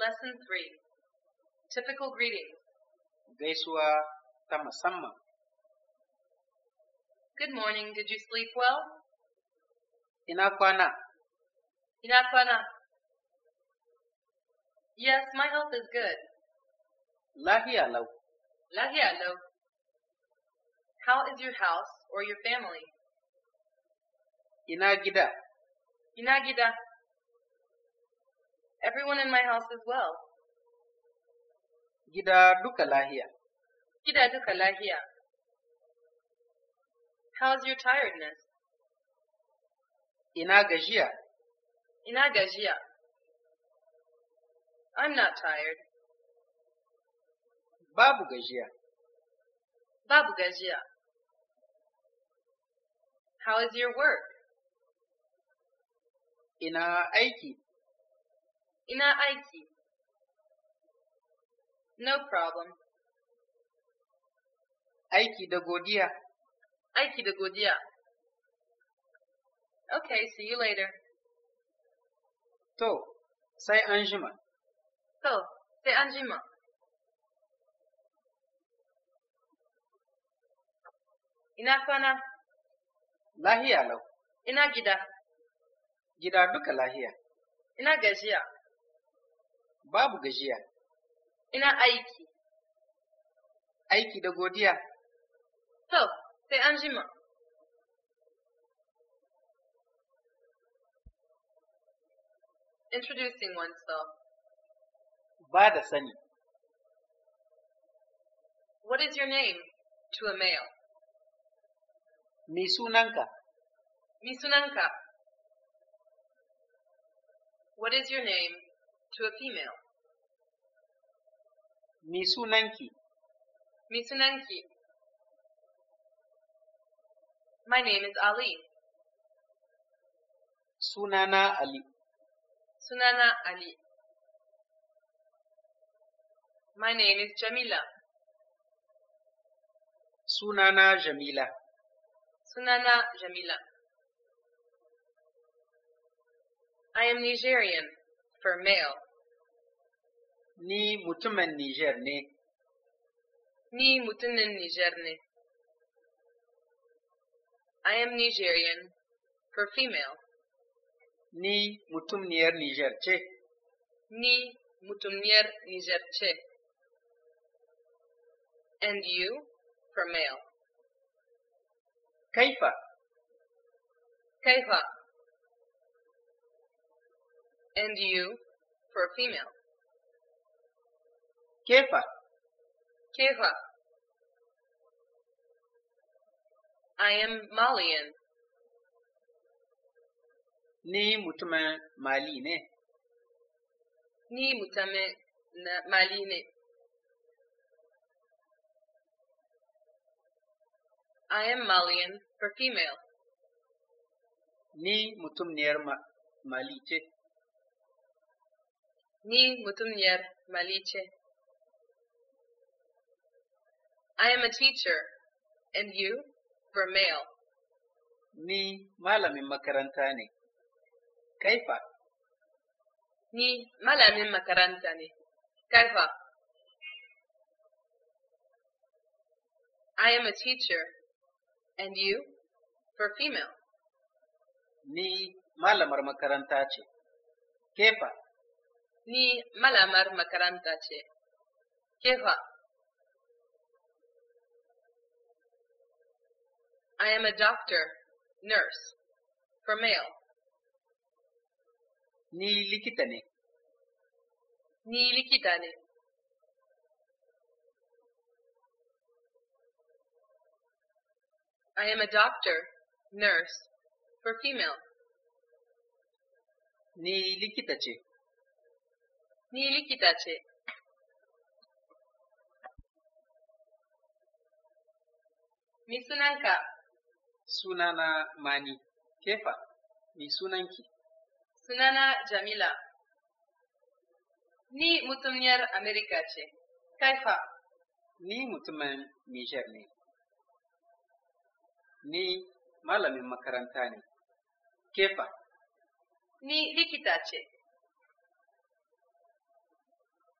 Lesson 3 Typical Greetings Gaisuwa ta musamman Good morning. Did you sleep well? Ina kwana Ina kwana. Yes, my health is good. lafiya lau Lahiya lo. How is your house or your family? ina gida Ina gida. Everyone in my house is well. Gida duka Gida duka How's your tiredness? Inagajia. Inagajia. I'm not tired. Babu gajiya. Babu gajiya. How is your work? Ina aiki. Inaiki. No problem. Aiki da godiya. Aiki da goodia. Okay, see you later. To, say anjima. To, say anjima. Ina kwana? Lahiya lau. Ina gida. Gida duka lahia. Ina babu gajiya. Ina aiki. Aiki da godiya. To, sai an jima. Introducing oneself. Ba da sani. What is your name to a male? Mi sunanka. Mi sunanka. What is your name to a female? Missunenki. sunanki? sunanki? My name is Ali. Sunana Ali. Sunana Ali. My name is Jamila. Sunana Jamila. Sunana Jamila. I am Nigerian for male. Ni mutumin Nijar ne. Ni mutumin Nijar ne. I am Nigerian for female. Ni mutumniyar Nijar ce. Ni mutumniyar Nijar ce. And you for male. Kaifa. Kaifa. And you for female. كيف كيف I am Malian ni mutum Mali ne ni mutum Mali ne I am Malian for female ni mutum Mali ce ni mutum nyer ce I am a teacher. And you for male. Ni malamin makaranta ne. Kaifa. Ni malamin makaranta ne. Kaifa. I am a teacher. And you for female. Ni malamar makaranta ce. Kefa. Ni malamar makaranta ce. Kefa. I am a doctor, nurse, for male. likita ni. I am a doctor, nurse, for female. Nilikitachi. Nilikitachi. Misunanka. Sunana Mani. Kefa, mi sunanki? Sunana Jamila. Ni mutumiyar Amerika ce. Kaifa. Ni mutumin Nijar ne. Ni malamin makaranta ne. Kefa. Ni likita ce.